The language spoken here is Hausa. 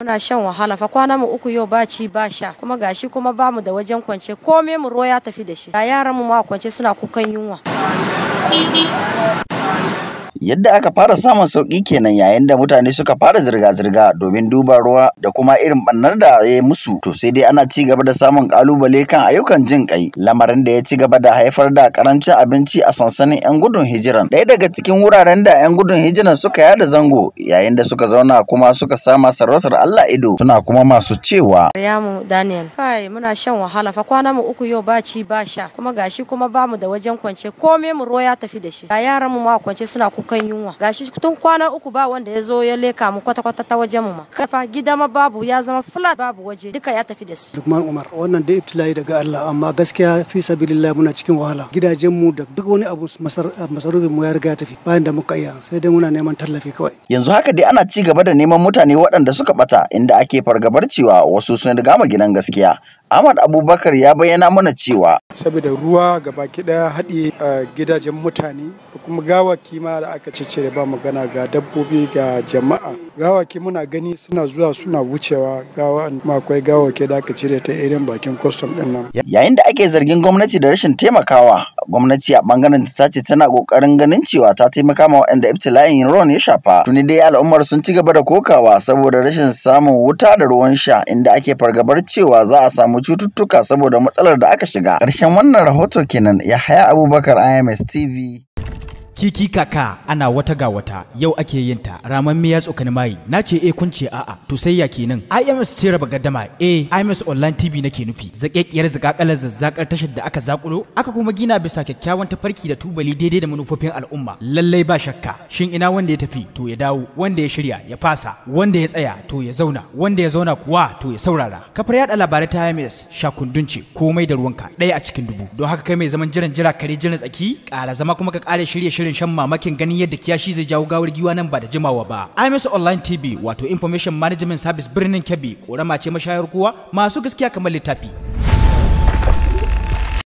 muna shan wahala fa kwana mu uku yau ba ci ba sha kuma gashi kuma ba mu da wajen kwance kome mu ruwa ya tafi da shi ga yaran mu ma kwance suna kukan yunwa Yadda aka fara samun sauki kenan yayin da mutane suka fara zirga-zirga domin duba ruwa da kuma irin ɓannar da ya yi musu. To sai dai ana ci gaba da samun ƙalubale kan ayyukan jin ƙai, lamarin da ya ci gaba da haifar da ƙarancin abinci a sansanin 'yan gudun hijiran. Ɗaya daga cikin wuraren da 'yan gudun hijiran suka yada zango yayin da suka zauna kuma suka sama sarautar Allah ido suna kuma masu cewa. Maryamu Daniel, kai muna shan wahala fa kwana mu uku yau ba ci ba sha kuma gashi kuma bamu da wajen kwance komai mu roya tafi da shi. Ga yaran mu ma kwance suna kuka kan yunwa gashi tun kwana uku ba wanda ya zo ya leka mu kwata kwata ta wajen mu ma kafa gida ma babu ya zama flat babu waje duka ya tafi da su Lukman Umar wannan dai iftila'i daga Allah amma gaskiya fi sabilillah muna cikin wahala gidajen mu da duk wani abu masarufin mu ya riga ya tafi bayan da muka iya sai dai muna neman tallafi kawai yanzu haka dai ana ci gaba da neman mutane waɗanda suka bata inda ake fargabar cewa wasu sun riga ma gidan gaskiya Ahmad Abubakar ya bayyana mana cewa saboda ruwa ga gaba ɗaya haɗe gidajen mutane kuma gawaki ma da aka cire ba magana ga dabbobi ga jama'a gawaki muna gani suna zuwa suna wucewa gawa makwai akwai gawaki da aka cire ta irin bakin kwastam ɗin nan yayin da ake zargin gwamnati da rashin taimakawa gwamnati a bangaren ta ce tana kokarin ganin cewa ta taimaka ma waɗanda ibtila'in ron ya shafa tuni dai al'ummar sun ci gaba da kokawa saboda rashin samun wuta da ruwan sha inda ake fargabar cewa za a samu cututtuka saboda matsalar da aka shiga Karshen wannan rahoto kenan ya haya abubakar ims tv kiki kaka ana wata ga wata yau ake yin ta raman miya tsokani mayi na ce eh kun ce a'a to sai ya kenan IMS ce raba gaddama eh IMS online TV nake nufi zakekiyar zakakalar zazzakar tashar da aka zakulo aka kuma gina bisa kyakkyawan tafarki da tubali daidai da manufofin al'umma lallai ba shakka shin ina wanda ya tafi to ya dawo wanda ya shirya ya fasa wanda ya tsaya to ya zauna wanda ya zauna kuwa to ya saurara kafar yada labarai ta IMS shakundun ce komai da ruwanka ɗaya a cikin dubu don haka kai mai zaman jiran jira kare jiran tsaki ƙara zama kuma ka ƙare shirye shirye shirin shan mamakin ganin yadda kiyashi zai jawo gawar giwa nan ba da jimawa ba. IMS Online TV wato Information Management Service birnin Kebbi ƙorama ce mashayar kowa masu gaskiya kamar littafi.